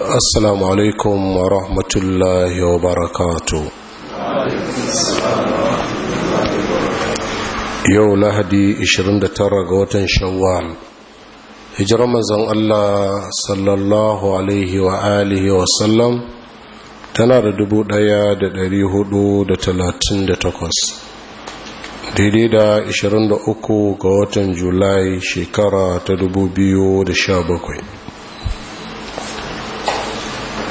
assalamu alaikum wa rahmatullahi wa barakatu yau lahadi 29 ga watan shawwal hijira mazan Allah sallallahu alaihi wa alihi wa sallam tana da da talatin takwas. daidai da 23 ga watan julai shekara ta dubu biyu da sha bakwai.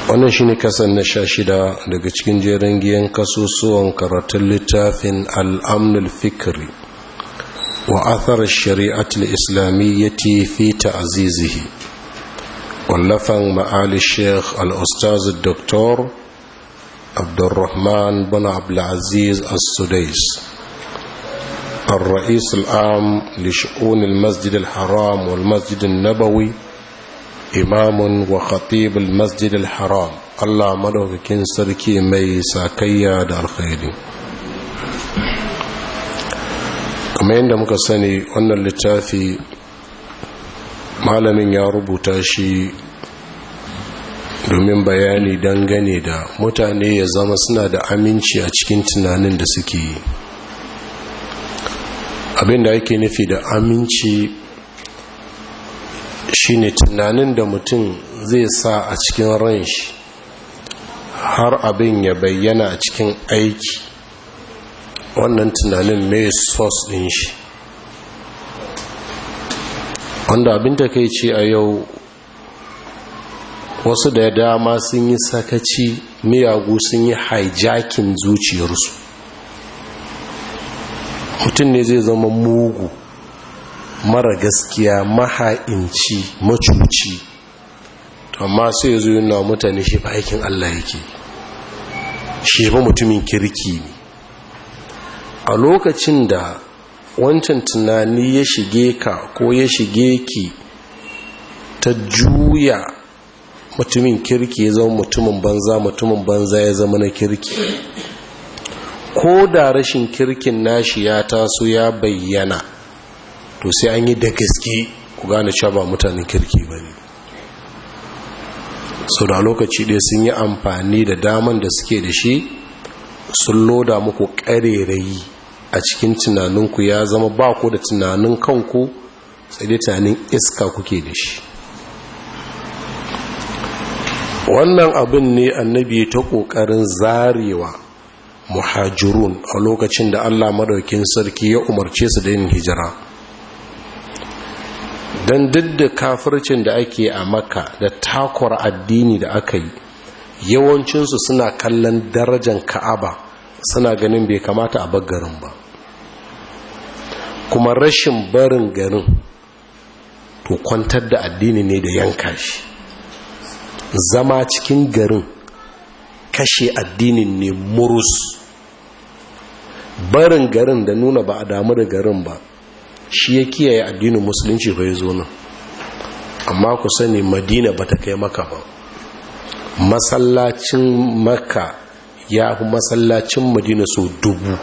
wannan shine kasan na sha shida daga cikin jerin giyan kasusuwan karatun littafin al'amnul fikri wa athar shari'atul islamiyyati fi ta'azizihi wallafan ma'ali sheikh al-ustaz doktor abdurrahman bin abdulaziz Asudais, sudais الرئيس العام لشؤون المسجد الحرام والمسجد النبوي imamun wa khatibul masjid al-haram Allah madaukakin sarki mai sakayya da alkhairi kamar yadda muka sani wannan littafi malamin ya rubuta shi domin bayani dangane da mutane ya zama suna da aminci a cikin tunanin da suke yi abinda ake nufi da aminci shine tunanin da mutum zai sa a cikin ran shi har abin ya bayyana a cikin aiki wannan tunanin mai sos din shi wanda abin da kai ce a yau wasu da dama sun yi sakaci miyagu sun yi hijacking zuciyarsu mutum ne zai zama mugu mara gaskiya maha'inci macuci to amma sai ya zo yana mutane shi ba aikin Allah yake shi ba mutumin kirki ne a lokacin da wancan tunani ya shige ka ko ya shige ki ta juya mutumin kirki ya zama mutumin banza mutumin banza ya zama na kirki ko da rashin kirkin nashi ya taso ya bayyana to sai an yi da gaske ku gane cewa ba mutanen kirki ba ne sau da lokaci dai sun yi amfani da daman da suke da shi sun loda muku ƙarerayi a cikin tunaninku ya zama ba ku da tunanin kanku sai dai tunanin iska kuke da shi wannan abin ne annabi ta ƙoƙarin zarewa muhajirun a lokacin da allah maɗaukin sarki ya umarce su da yin hijira don duk da kafircin da ake a maka da takwar addini da aka yi yawancinsu suna kallon darajan ka'aba suna ganin bai kamata a bar garin ba kuma rashin barin garin to kwantar da addini ne da yanka shi zama cikin garin kashe addini ne murus barin garin da nuna ba a damu da garin ba shi ya kiyaye addinin musulunci bai zo nan amma ku sani madina ba ta kai maka ba masallacin maka ya fi masallacin madina so dubu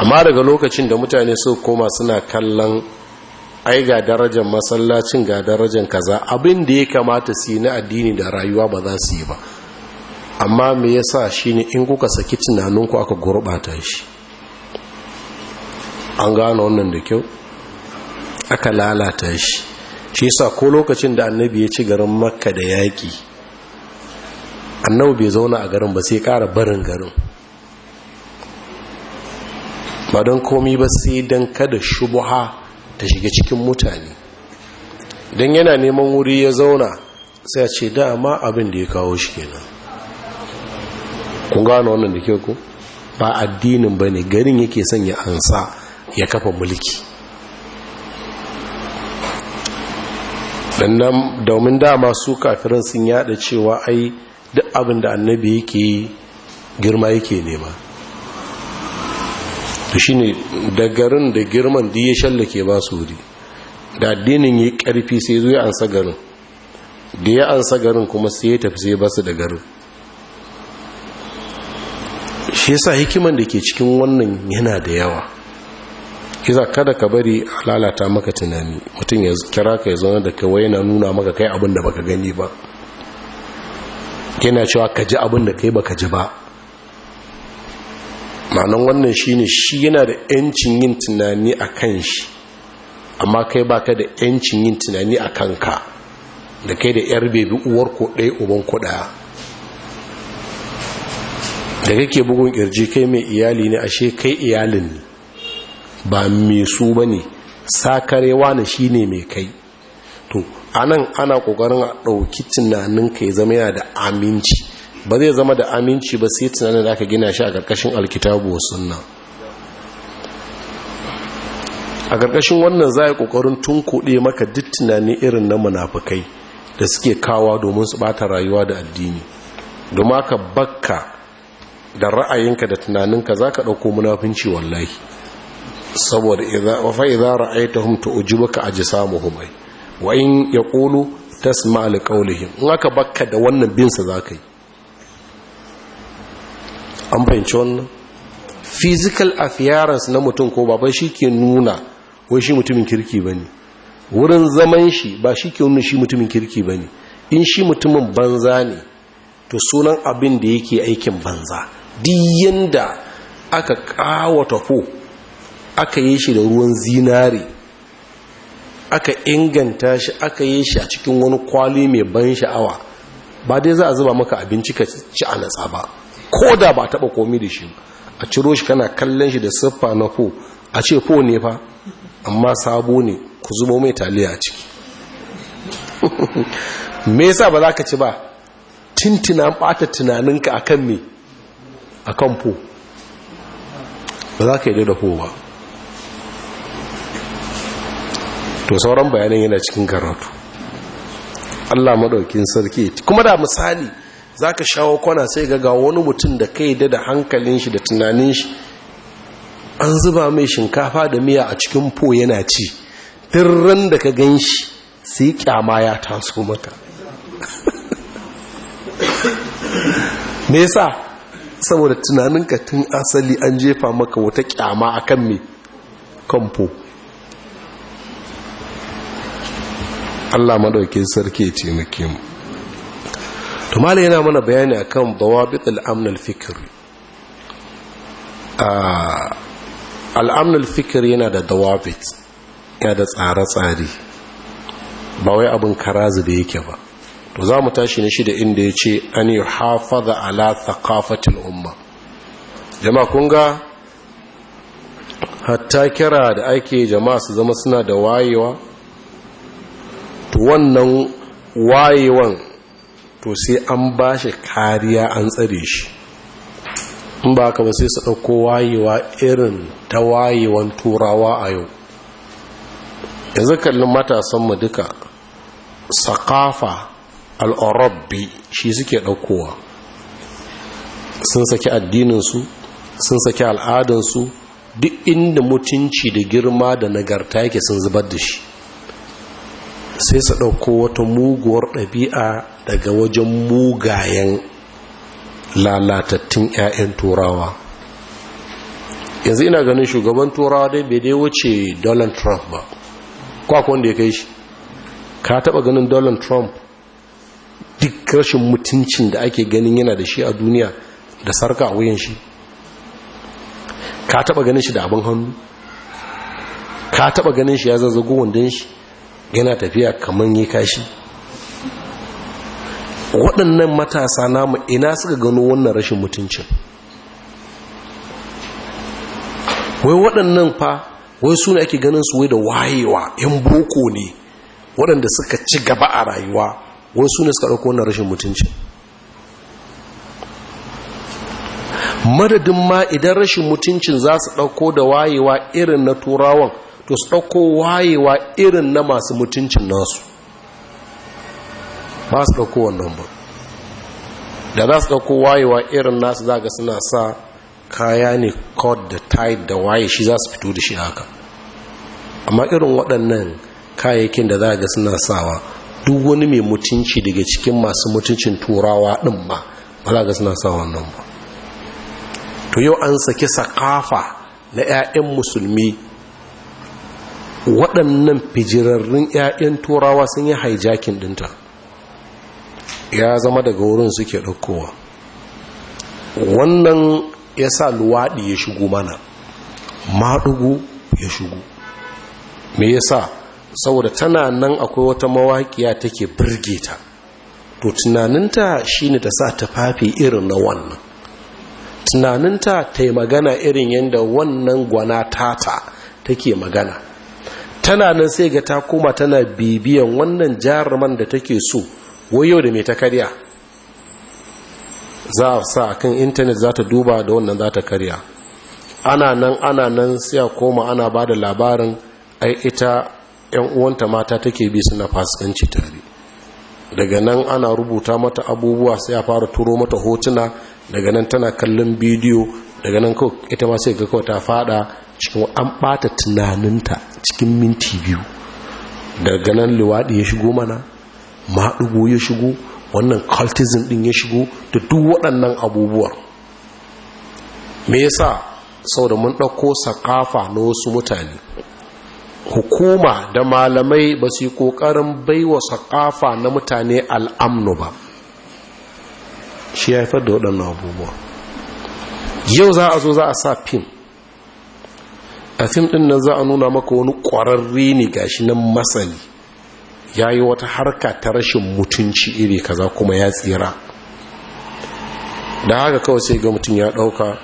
amma daga lokacin da mutane su koma suna kallon ai ga darajar masallacin ga darajar kaza abin da ya kamata su yi na addini da rayuwa ba za su yi ba amma me yasa shine in kuka saki tunaninku aka gurbata shi an gano wannan da kyau aka lalata shi shi sa ko lokacin da annabi ya ci garin makka da yaƙi annabi bai zauna a garin ba sai ƙara barin garin ba don komi ba sai don kada shubuha ta shiga cikin mutane don yana neman wuri ya zauna sai ce dama abin da ya kawo shi kenan kun gano wannan da ke ku ba addinin ba ne garin yake son ya ansa ya kafa mulki sannan domin dama su kafirin sun yada cewa ai duk abin da annabi yake girma yake nema to shine da garin da girman da ya shallake ba su wuri da addinin yi karfi sai zo ya ansa garin da ya ansa garin kuma sai ya tafi sai ba su da garin shi yasa hikiman da ke cikin wannan yana da yawa kisa kada ka bari lalata maka tunani mutum ya kira ka ya zaune da kawai yana nuna maka kai abin da baka gani ba yana cewa ka ji abin da kai baka ji ba ma'anan wannan shine shi yana da yancin yin tunani a kan shi amma kai baka da yancin yin tunani a kanka da kai da yar bebi uwar ko ɗaya uban ko da kake bugun kirji kai mai iyali ne ashe kai iyalin ne ba mai su ba ne sakarewa na shi ne mai kai to a ana ƙoƙarin a ɗauki tunanin kai ya zama yana da aminci ba zai zama da aminci ba sai tunanin da aka gina shi a ƙarƙashin alkitabu wa sunna a ƙarƙashin wannan za a yi ƙoƙarin tun kuɗe maka duk tunanin irin na munafukai da suke kawa domin su bata rayuwa da addini domin aka bakka da ra'ayinka da tunaninka za ka ɗauko munafunci wallahi saboda fa idza ra'aytahum tu'jibuka ajsamuhum wa in yaqulu tasma' li qawlihim in aka bakka da wannan bin sa zakai an fahimci wannan physical appearance na mutum ko baba shi ke nuna wai shi mutumin kirki bane wurin zaman shi ba shi ke nuna shi mutumin kirki bane in shi mutumin banza ne to sunan abin da yake aikin banza duk yanda aka ƙawata ko aka yi shi da ruwan zinari, aka inganta shi aka yi shi a cikin wani kwali mai ban sha'awa ba dai za a zuba maka abinci ka ci a natsa ba ko da ba taba komi da shi a ciro shi kana kallon shi da siffa na ko a ce ko ne fa amma sabo ne ku zubo mai taliya a ciki me yasa ba za ka ci ba tintina bata tunaninka akan me akan po ba za ka yi da ko ba to sauran bayanan yana cikin karatu Allah maɗaukin sarki kuma da misali zaka sha kwana sai ga wani mutum da kai da hankalin shi da tunanin shi an zuba mai shinkafa da miya a cikin po yana ci ran da ka gan shi sai kyama ya taso maka me yasa saboda tunaninka tun asali an jefa maka wata kyama akan me kamfo Allah madaukin sarki ya taimake mu to malai yana mana bayani akan dawabit al-amn al-fikr ah, al-amn al-fikr yana da dawabit yana da tsare-tsare ba wai abin karazu da yake ba to za mu tashi ne shi da inda ya ce an yi hafaza ala al umma jama'a kun ga hatta kira da ake jama'a su zama suna da wayewa to wannan wayewan to sai an ba shi kariya an tsare shi in ba ka ba sai su ɗauko wayewa irin ta wayewan turawa a yau yanzu kallon matasanmu duka sakafa al'arabbi shi suke ɗaukowa sun saki addininsu sun saki al'adansu duk inda mutunci da girma da nagarta yake sun zubar da shi sai su ɗauko wata muguwar ɗabi'a daga wajen mugayen lalatattun 'ya'yan turawa yanzu ina ganin shugaban turawa dai bai dai wuce donald trump ba kwakwa wanda ya kai shi ka taɓa ganin donald trump duk rashin mutuncin da ake ganin yana da shi a duniya da sarka a wuyan shi ka taɓa ganin shi da abin hannu ka taɓa ganin shi ya zazzago wandon shi yana tafiya kamar yi kashi waɗannan matasa namu ina suka gano wannan rashin mutuncin wai waɗannan fa wai su ne ake ganin su wai da wayewa yan boko ne waɗanda suka ci gaba a rayuwa wai su ne suka ɗauko wannan rashin mutuncin madadin ma idan rashin mutuncin za su ɗauko da wayewa irin na turawan to su wayewa irin na masu mutuncin nasu ba su ɗauko wannan ba da za su ɗauko wayewa irin nasu za ga suna sa kaya ne cod da tide da waye shi za su fito da shi haka amma irin waɗannan kayayyakin da za ga suna sawa duk wani mai mutunci daga cikin masu mutuncin turawa ɗin ba ba za ga suna sawa wannan ba to yau an saki sakafa na 'ya'yan musulmi waɗannan fijirarrun 'ya'yan turawa sun yi haijakin dinta ya zama daga wurin suke ɗaukowa wannan ya sa luwaɗi ya shigo mana maɗugu ya shigo me ya sa saboda tana nan akwai wata mawaƙiya take birge ta to tunaninta ne ta sa ta tufafi irin na wannan tunaninta ta yi magana irin yadda wannan gwana tata take magana tana nan sai ga ta koma tana bibiyan wannan jaruman da take so wayo da mai ta karya za a sa kan intanet za ta duba da wannan za ta karya ana nan ana nan sai a koma ana ba da labarin ai ita yan uwanta mata take bi suna fasikanci tare daga nan ana rubuta mata abubuwa sai a fara turo mata hotuna daga nan tana kallon bidiyo daga nan ita ma sai ga kawai ta fada cikin an bata tunaninta cikin minti biyu daga nan luwaɗi ya shigo mana maɗugo ya shigo wannan cultism din ya shigo da duk waɗannan abubuwa. me yasa sau da mun ɗauko sakafa na wasu mutane hukuma da malamai ba su yi ƙoƙarin baiwa saƙafa na mutane al'amnu ba shi ya haifar da waɗannan abubuwa yau za a zo za a sa fim a fim ɗin nan za a nuna maka wani ƙwararre ne gashi nan matsali ya yi wata harka ta rashin mutunci iri kaza kuma ya tsira da haka kawai sai ga mutum ya ɗauka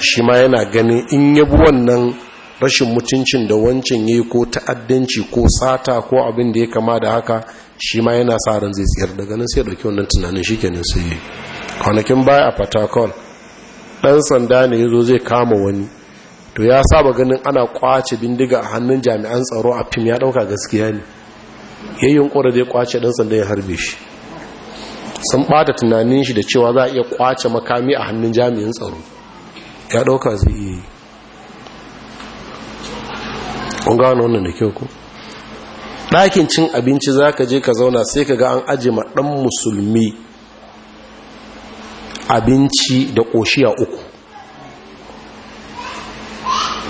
shi ma yana ganin in yabi wannan rashin mutuncin da wancan ya yi ko ta'addanci ko sata ko abin da ya kama da haka shi ma yana sa ran zai tsira daga nan sai ya ɗauki wannan tunanin shi kenan sai kwanakin baya a fatakol ɗan sanda ne ya zo zai kama wani to ya saba ganin ana kwace bindiga a hannun jami'an tsaro a fim ya dauka gaskiya ne yayin kora da ya kwace dan sanda ya harbe shi sun bata tunanin shi da cewa za a iya kwace makami a hannun jami'an tsaro ya dauka zai iya yi kun gano wannan da kyau ku ɗakin cin abinci za ka je ka zauna sai ka ga an aje ma ɗan musulmi abinci da ƙoshiya uku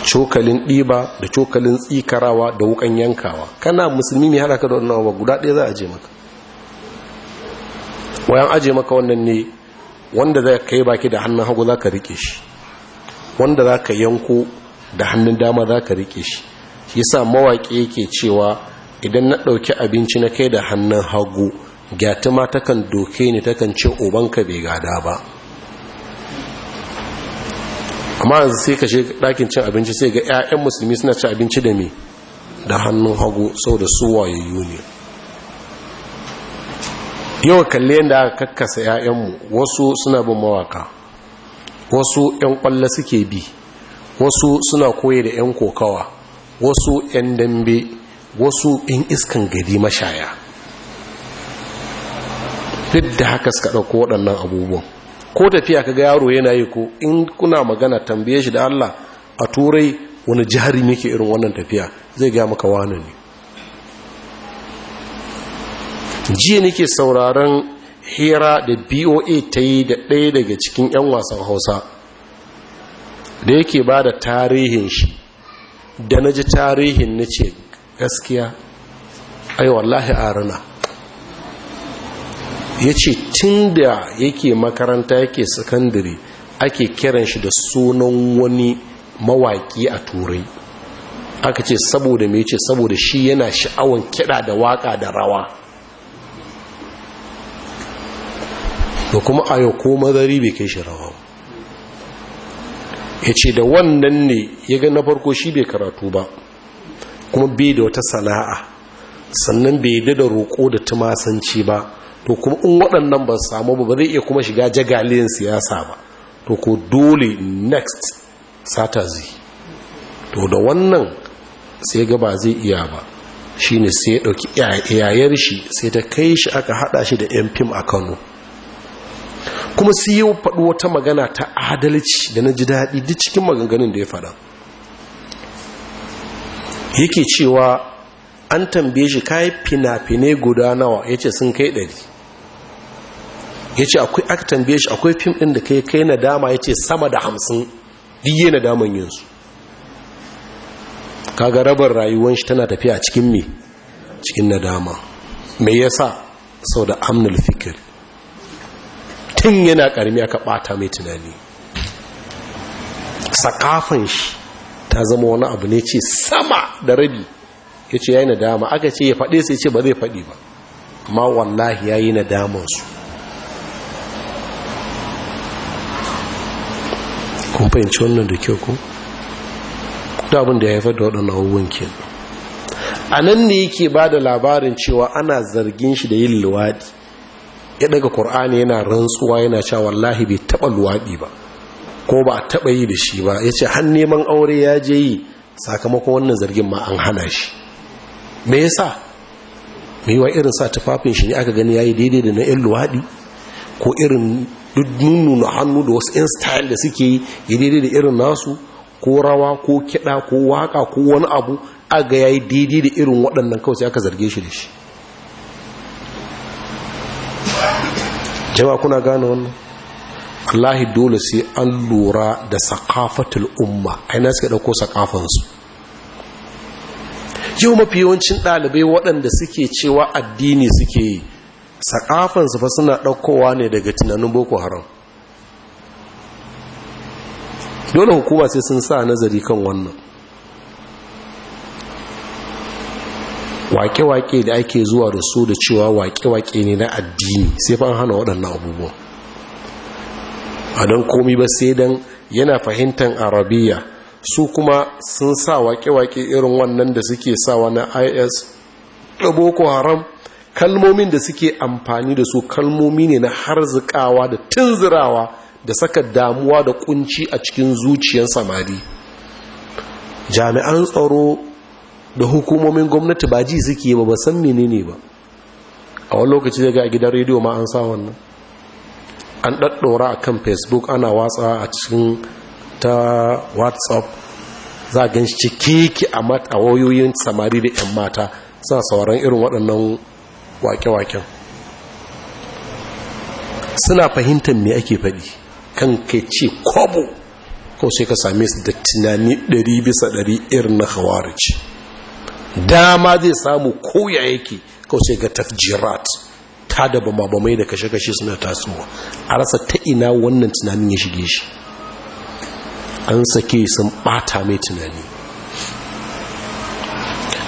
cokalin ɗiba da cokalin tsikarawa da wukan yankawa kana musulmi mai da wannan wa guda ɗaya za a je maka wayan aje maka wannan ne wanda za ka yi baki da hannun hagu za ka rike shi wanda za ka yanko da hannun dama za ka rike shi shi sa mawaƙi yake cewa idan na ɗauki abinci na kai da hannun hagu ma takan doke ne takan ce obanka bai gada ba amma yanzu sai ka shiga ɗakin cin abinci sai ga 'ya'yan musulmi suna cin abinci da me da hannun hagu sau da suwayayyu ne yau kalli yadda aka kakkasa 'ya'yanmu wasu suna bin mawaka wasu 'yan kwallo suke bi wasu suna koye da 'yan kokawa wasu 'yan dambe wasu 'yan iskan gari mashaya duk da haka suka ɗauko waɗannan abubuwan ko tafiya ka kaga yaro yana yi ko in kuna magana tambaye shi da Allah a turai wani jihari ne ke irin wannan tafiya zai gaya maka wani ne jiya nake sauraron hira da BOA ta yi da ɗaya daga cikin 'yan wasan Hausa da yake ba da tarihin shi da na ji tarihin na ce gaskiya ai wallahi a rana, ya ce tun da yake makaranta yake sakandare ake kiran shi da sunan wani mawaki a turai aka ce saboda mai ce saboda shi yana sha'awan kiɗa da waka da rawa da kuma ayo ko mazari bai kai shi rawa ya ce da wannan ne ya ga na farko shi bai karatu ba kuma bai da wata sana'a sannan bai da roƙo da tumasanci ba to kuma in waɗannan ba samu ba zai iya kuma shiga jagaliyan siyasa ba to ko dole next sata to da wannan sai ga ba zai iya ba shine sai ya ɗauki yayar shi sai ta kai shi aka haɗa shi da yan fim a kano kuma sai yi faɗi wata magana ta adalci da na ji daɗi duk cikin maganganun da ya faɗa yake cewa an tambaye shi kai fina-finai guda nawa ya ce sun kai ɗari ya ce akwai aktan tambaye akwai fim ɗin da kai kai nadama ya ce sama da hamsin diye nadaman yinsu kaga rabar rayuwan shi tana tafiya cikin me cikin nadama me yasa sau da amnul fikir tun yana karmi aka ɓata mai tunani sakafan shi ta zama wani abu ne ce sama da rabi ya ce ya yi nadama aka ce ya faɗe sai ce ba zai faɗi ba amma wallahi ya yi su. kun fahimci wannan da kyau ku da abin da ya haifar da waɗannan abubuwan ke a nan ne yake ba da labarin cewa ana zargin shi da yin luwaɗi ya daga ƙur'ani yana rantsuwa yana cewa wallahi bai taɓa luwaɗi ba ko ba a taɓa yi da shi ba ya ce har neman aure ya je yi sakamakon wannan zargin ma an hana shi me yasa mai wa irin sa tufafin shi ne aka gani ya yi daidai da na 'yan luwaɗi ko irin duk nunu hannu da wasu 'yan style da suke yi ya daidai da irin nasu ko rawa ko kiɗa ko waka ko wani abu aga ya yi daidai da irin waɗannan kawai sai aka zarge shi da shi jama'a kuna gane wannan Allahi dole sai an lura da sakafatul umma aina suka ɗauko sakafansu yau mafi yawancin ɗalibai waɗanda suke cewa addini suke yi sakafansu fa suna ɗaukowa ne daga tunanin boko haram dole hukuma sai sun sa nazari kan wannan wake-wake da ake zuwa da su da cewa wake-wake ne na addini sai fa hana waɗannan abubuwa a don komi ba sai don yana fahimtar arabiya su kuma sun sa wake-wake irin wannan da suke sa wani is da boko haram kalmomin da suke amfani da su kalmomi ne na harzikawa da tunzirawa da saka damuwa da kunci a cikin zuciyar samari jami'an tsaro da hukumomin gwamnati ba ji suke ba ba san menene ba a wani lokaci daga gidan rediyo ma an sa wannan an ɗaɗɗora a kan facebook ana watsa a cikin ta whatsapp za a gan shi cike a wayoyin samari da 'yan mata suna sauran irin waɗannan wake-waken suna fahimtar me ake faɗi kan kai ce kwabo ko sai ka same su da tunani 100 bisa 100 irin na hawarici dama zai samu koya yake ko sai ga tafjirat ta da mai da kashe-kashe suna tasowa a rasa ta ina wannan tunanin ya shige shi an sake sun bata mai tunani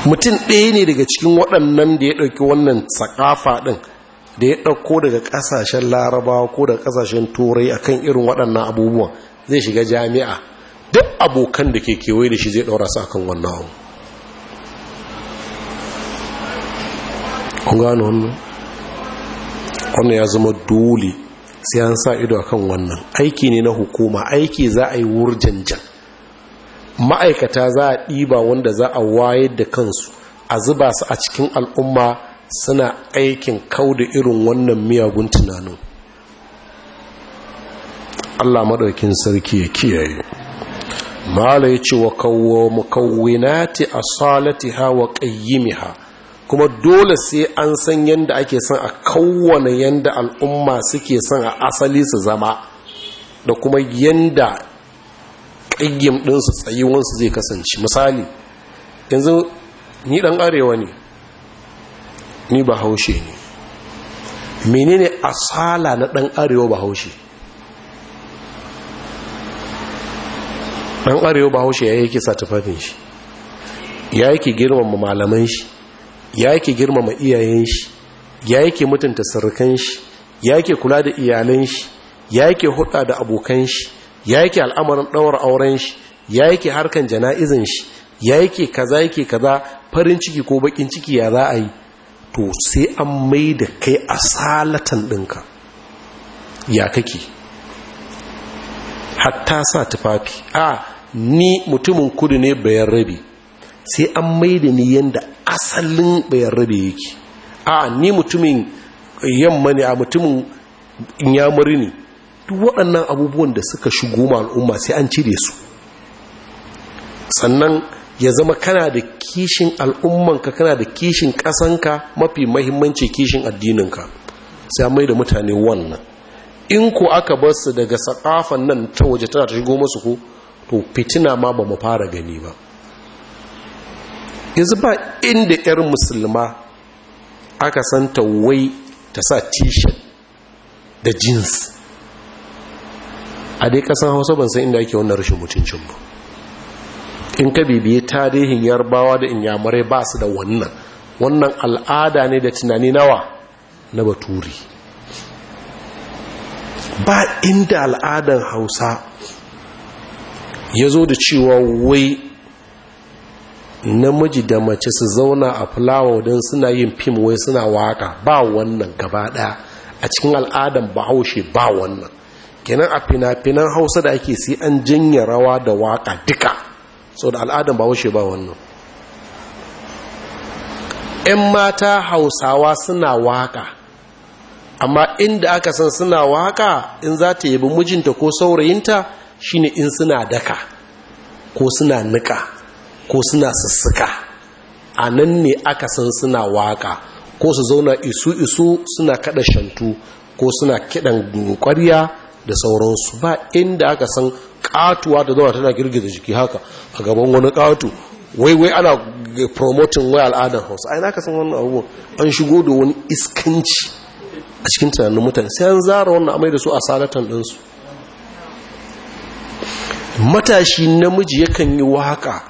mutum ɗaya ne daga cikin waɗannan da ya ɗauki wannan tsakafa ɗin da ya ɗauko daga ƙasashen larabawa ko daga ƙasashen turai a kan irin waɗannan abubuwan zai shiga jami'a duk abokan da ke kewaye da shi zai ɗaura su akan wannan abu ya zama dole sai an sa ido akan wannan aiki ne na hukuma aiki za a yi janjan. ma'aikata za a ɗiba wanda za a wayar da kansu a zuba su a cikin al'umma suna aikin kau da irin wannan miyagun tunanin Allah maɗaukin sarki ya kiyaye mala ya ce wa kawo mukawinati a salatiha wa ƙayyimiha kuma dole sai an san yadda ake son a kowane yadda al'umma suke son a asali su zama da kuma yadda ƙayyam ɗinsu tsayuwansu zai kasance misali yanzu ni ɗan arewa ne ni ba haushe ne menene asala na ɗan arewa ba haushe ɗan arewa ba haushe ya yake sa tufafin shi ya yake girmama malaman shi ya yake girmama iyayen shi ya yake mutunta sarkan shi ya yake kula da iyalan shi ya yake huɗa da abokan shi ya yake al'amarin ɗawar auren shi ya yake harkan jana'izin shi ya yake kaza yake kaza farin ciki ko bakin ciki ya za a yi to sai an mai da kai salatan ɗinka ya kake hatta sa tufafi a ni mutumin kudu ne bayan rabi sai an mai da ni yadda asalin bayan rabi yake a ni mutumin yamma ne a mutumin yamuri ne duk waɗannan abubuwan da suka shigo ma al'umma sai an cire su sannan ya zama kana da kishin al'ummanka kana da kishin ƙasanka mafi mahimmanci kishin addininka sai mai da mutane wannan in ko aka bar su daga sakafan nan ta waje tana ta shigo masu ko to fitina ma ba mu fara gani ba yanzu ba inda 'yar musulma aka santa wai ta sa t da jeans a dai kasan hausa ban san inda ake wannan rashin mutuncin ba in ka bibiye tarihin yarbawa da inyamurai ba su da wannan wannan al'ada ne da tunani nawa na baturi ba inda al'adan hausa ya zo da cewa wai namiji da mace su zauna a fulawa don suna yin fim wai suna waka ba wannan gaba ɗaya a cikin al'adan bahaushe ba wannan kenan a fina-finan hausa da ake sai an janye rawa da waka duka so da al'adun ba wuce ba wannan ‘yan mata hausawa suna waka amma inda aka san suna waka in za ta yabi mijinta ko saurayinta shine in suna daka ko suna nika ko suna sussuka a nan ne aka san suna waka ko su zauna isu-isu suna kada shantu ko suna kidan kwarya da sauransu ba inda aka san katuwa da zama tana girgiza jiki haka a gaban wani katu wai wai ana promoting wai al'adar hausa ai naka san wannan abubuwan? an shigo da wani iskanci a cikin tunanin mutane sai an zara wannan amai da su a salatan ɗinsu matashi namiji yakan yi waka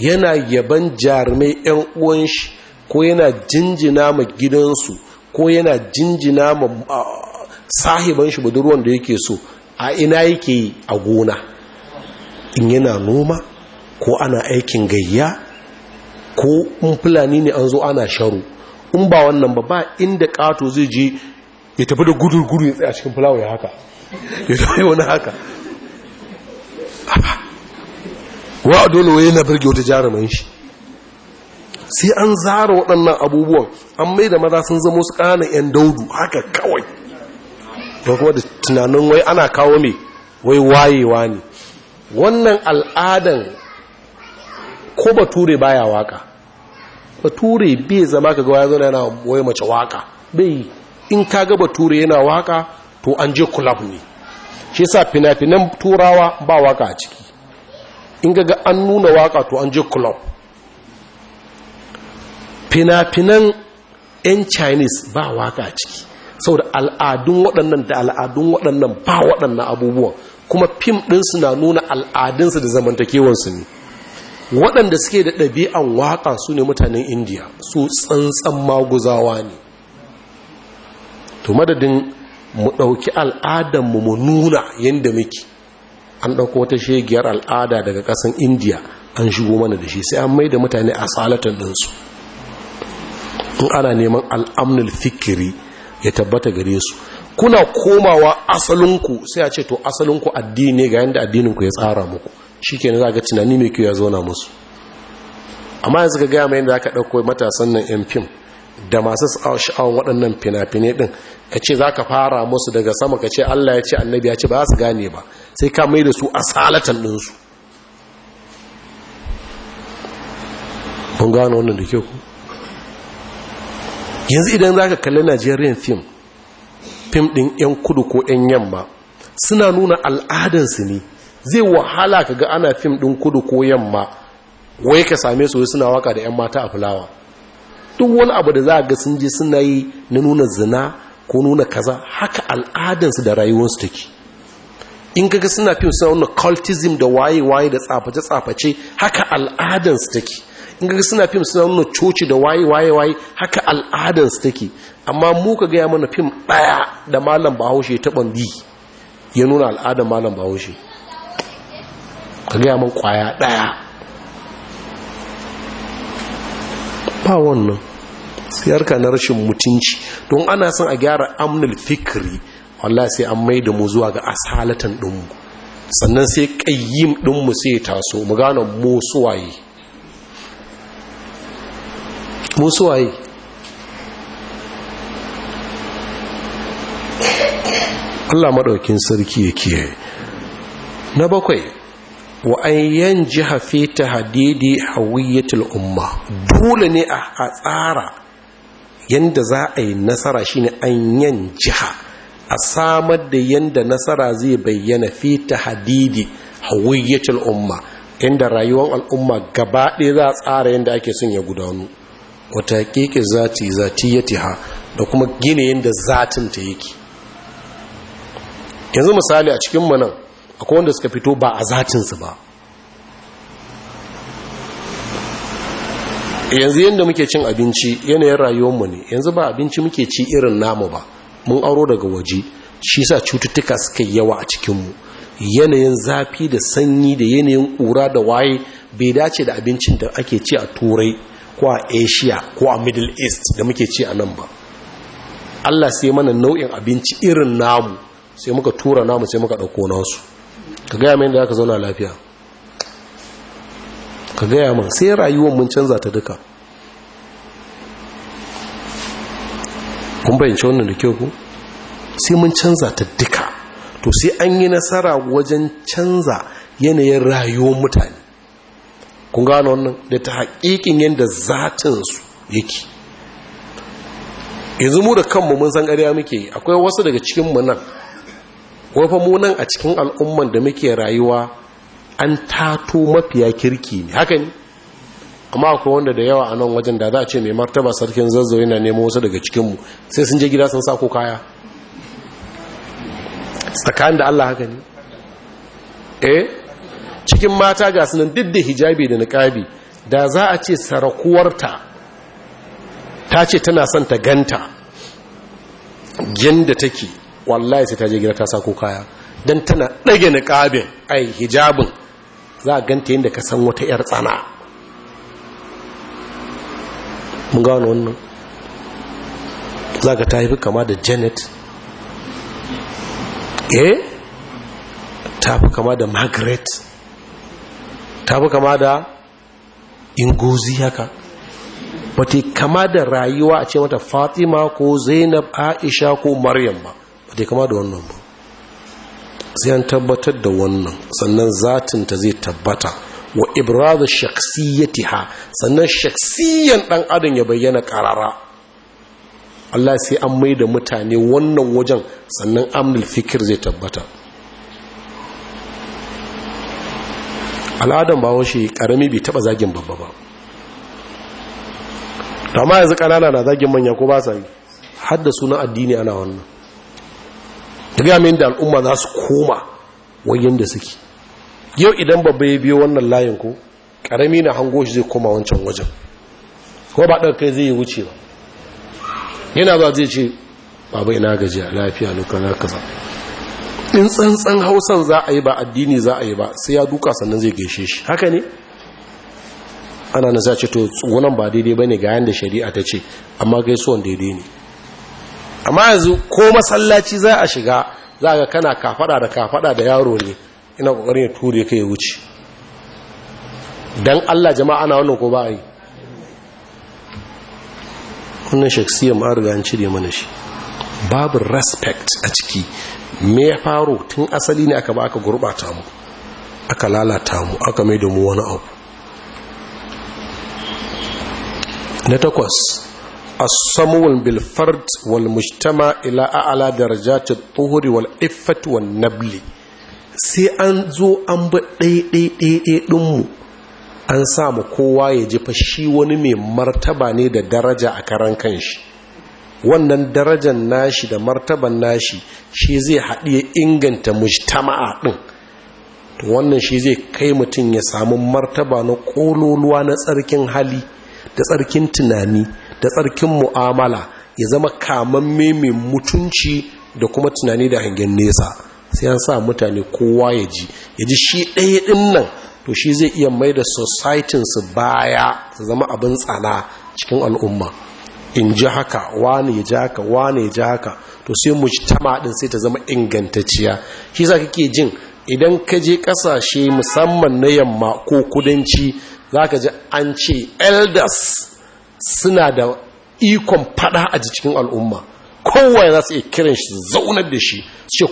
yana yaban jarumai 'yan uwan shi ko yana jinjina ma gidansu ko yana jinjina ma ah, sahiban shi budurwan da yake so a ina yake yi a gona in yana noma ko ana aikin gayya ko in fulani ne an zo ana sharo. in ba wannan ba ba inda kato zai je ya tafi da gudur ya tsaye a cikin fulawa ya haka ya tafi wani haka wa a dole waye na birge wata jaruman shi sai an zara waɗannan abubuwan an mai da maza sun zama su ƙananan 'yan daudu haka kawai ko kuma da tunanin wai ana kawo mai wai wayewa ne wannan al'adan ko bature baya waka bature bai zama ka gawa zo yana wai mace waka bai in ka ga bature yana waka to an je club ne shi sa fina-finan turawa ba waka a ciki in ga an nuna waka to an je club fina-finan 'yan chinese ba waka a ciki saboda al'adun waɗannan da al'adun waɗannan ba waɗannan abubuwan kuma fim ɗinsu na nuna al'adunsu da zamantakewansu ne waɗanda suke da ɗabi'an waƙa su ne mutanen indiya su tsantsan maguzawa ne to madadin mu ɗauki al'adanmu mu nuna yadda muke an ɗauko wata shegiyar al'ada daga ƙasan indiya an shigo mana da shi sai an mai da mutane a tsalatan ɗinsu in ana neman al'amnul fikiri ya tabbata gare su kuna komawa asalinku sai a ce to asalinku addini ne ga yadda addininku ya tsara muku shi ke za ga tunani mai kyau ya zauna musu amma yanzu ka gaya mai yadda aka ɗauko matasan nan yan fim da masu sha'awar waɗannan fina-finai ɗin ka ce za ka fara musu daga sama ka ce allah ya ce annabi ya ce ba su gane ba sai ka mai da su a tsalatan ɗinsu kun gane wannan da kyau yanzu idan za ka kalli nigerian film fim ɗin 'yan kudu ko 'yan yamma suna nuna al'adansu ne zai wahala ka ga ana fim ɗin kudu ko yamma wai ka same su suna waka da 'yan mata a fulawa duk wani abu da za ga sun je suna yi na nuna zina ko nuna kaza haka al'adansu da rayuwarsu take in kaga suna fim suna nuna cultism da waye-waye da tsaface-tsaface haka al'adansu take in suna fim suna nuna coci da waye waye waye haka al'adansu take amma mu ka gaya mana fim ɗaya da malam bahaushe ta ɓambi ya nuna al'adar malam bahaushe ka gaya man kwaya ɗaya ba wannan ka na rashin mutunci don ana son a gyara amnul fikiri wallah sai an mai da mu zuwa ga asalatan ɗinmu sannan sai ƙayyim ɗinmu sai taso mu gano mosuwaye Musu waye. Allah maɗaukin sarki ya kiyaye na bakwai wa ayyan jiha fi tahdidi hawiyatul umma dole ne a tsara yanda za a yi nasara shine ayyan jiha a samar da yanda nasara zai bayyana fi tahdidi hawiyatul umma inda rayuwar al'umma gaba ɗaya za a tsara yanda ake son ya gudanu wata haƙiƙi zati zati ya tiha da kuma ginayen da zatin ta yake yanzu misali a cikin manan akwai wanda suka fito ba a zatinsu ba yanzu yadda muke cin abinci yanayin mu ne yanzu ba abinci muke ci irin namu ba mun auro daga waje shi sa cututtuka suka yawa a cikinmu yanayin zafi da sanyi da yanayin ƙura da waye bai dace da abincin da ake ci a turai ko a asia ko a middle east da muke ci a nan ba allah sai mana nau'in abinci irin namu sai muka tura namu sai muka ɗauko nasu ka gaya mai da aka zauna lafiya ka gaya man sai rayuwar mun canza ta duka kun bayyance wannan da kyau ku sai mun canza ta duka to sai an yi nasara wajen canza yanayin rayuwar mutane kun gano wannan da ta haƙiƙin yadda zatinsu yake yanzu mu da kanmu mun san ƙarya muke akwai wasu daga cikin mu nan wafa mu a cikin al'umman da muke rayuwa an tato mafiya kirki ne haka ne amma akwai wanda da yawa a nan wajen da za a ce mai martaba sarkin zazzau yana nemo wasu daga cikinmu sai sun je gida sun sako kaya tsakanin da allah haka ne eh cikin mata ga sunan duk da hijabi da niqabi da za a ce sarakuwarta ta ce tana son ta ganta yanda take wallahi sai ta je gida ta sako kaya dan tana ɗage niqabin ai hijabin za a ganta yadda ka san wata 'yar tsana mun gano wannan za ka ta haifi kama da janet eh ta fi kama da margaret ta fi kama da ingozi haka ba ta kama da rayuwa a ce mata fatima ko zainab aisha ko maryam ba ba ta kama da wannan ba sai an tabbatar da wannan sannan zatinta zai tabbata wa ibrazu ha sannan shaksiyan dan adam ya bayyana karara Allah sai an mai da mutane wannan wajen sannan amnul fikir zai tabbata al'adan bawon shi karami bai taba zagin babba ba amma yanzu kanana na zagin manya ko ba sa yi har sunan addini ana wannan daga min da al'umma za su koma wayan da suke yau idan babba ya biyo wannan layin ko karami na hango shi zai koma wancan wajen ko ba ɗarkai zai yi wuce ba yana ba zai ce babai na gajiya lafiya na kaza in tsantsan hausan za a yi ba addini za a yi ba sai ya duka sannan zai gaishe shi haka ne ana nasa ce to tsugunan ba daidai ba ne ga yadda shari'a ta ce amma gaisuwan daidai ne amma yanzu ko masallaci za a shiga za ga kana kafada da kafada da yaro ne ina kokarin ya ture ka ya wuce dan Allah jama'a ana wannan ko ba yi wannan shaksiyar ga an cire mana shi babu respect a ciki me ya faro tun asali ne aka ba aka gurbata mu aka lalata mu aka mai da mu wani abu na takwas as-samul wal mujtama ila a'la darajat ta wal iffat wal nabli sai an zo an ba ɗaiɗaiɗaiɗin ɗinmu an samu kowa ya ji fa shi wani mai martaba ne da daraja a karan kanshi wannan darajar nashi da martaban nashi shi zai haɗi ya inganta mujtama'a ɗin to wannan shi zai kai mutum ya samu martaba na ƙololuwa na tsarkin hali da tsarkin tunani da tsarkin mu'amala ya zama kamamme mai mutunci da kuma tunani da hangen nesa sai an sa mutane kowa ya ji ya ji shi ɗaya ɗin nan to shi zai iya mai da su baya su zama abin tsana cikin al'umma in ji haka wane ya ji haka wane ya ji haka to sai mujtama din sai ta zama ingantacciya shi sa kake jin idan ka je kasashe musamman na yamma ko kudanci zaka ji an ce elders suna da ikon fada a cikin al'umma kowa za su iya kiran shi zaunar da shi su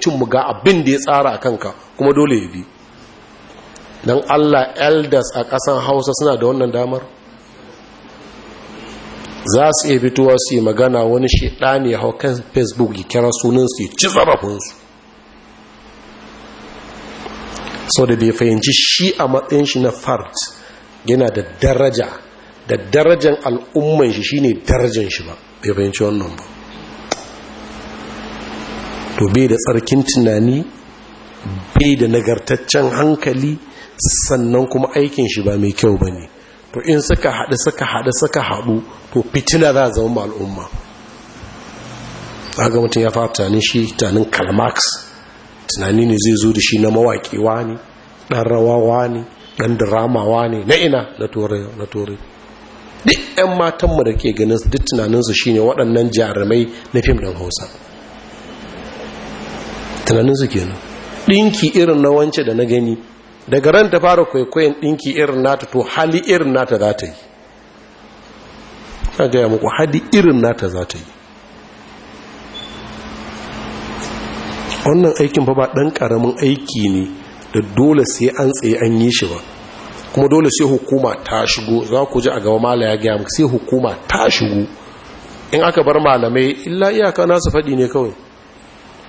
ce mu ga abin da ya tsara a kanka kuma dole ya bi don allah elders a ƙasan hausa suna da wannan damar za su iya fitowa su yi magana wani shaidani ya hau kan facebook ya kira sunansu, ya ci zarafinsu sau da bai fahimci shi a matsayin shi na fart yana da daraja da darajan al'umman shi shine darajan shi ba bai fahimci wannan ba to bai da tsarkin tunani bai da nagartaccen hankali sannan kuma aikin shi ba mai kyau ba ne to in suka haɗu suka haɗu suka haɗu to fitina za a zama al'umma ga mutum ya fara tunanin shi tunanin kalmax tunani ne zai zo da shi na mawaƙi ne ɗan rawa ne ɗan diramawa ne na ina na turai na duk 'yan matanmu da ke ganin duk tunaninsu ne waɗannan jarumai na fim ɗin hausa tunaninsu nan. ɗinki irin na wance da na gani daga ran ta fara kwaikwayon ɗinki irin nata to hali irin nata za ta yi ta gaya muku hali irin nata za ta yi wannan aikin ba, ba ɗan karamin aiki ne da dole sai an tsaye an yi shi ba kuma dole sai hukuma ta shigo za ku ji a gaba mala ya gaya muku sai hukuma ta shigo in aka bar malamai illa iyaka nasu faɗi ne kawai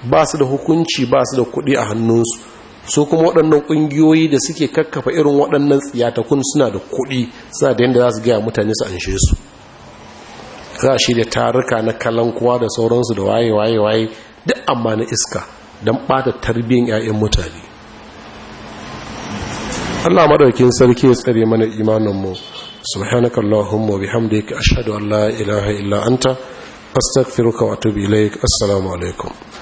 ba su da hukunci ba su da kuɗi a hannunsu su kuma waɗannan ƙungiyoyi da suke kakkafa irin waɗannan tsiyatakun suna da kuɗi suna da yadda za su gaya mutane su anshe su za a shirya taruka na kalankuwa da sauransu da waye waye waye duk amma na iska don ɓata tarbiyyar 'ya'yan mutane allah maɗaukin sarki ya tsare mana imaninmu subhanaka allahumma bihamdika ashhadu an la ilaha illa anta astaghfiruka wa atubu ilaik assalamu alaikum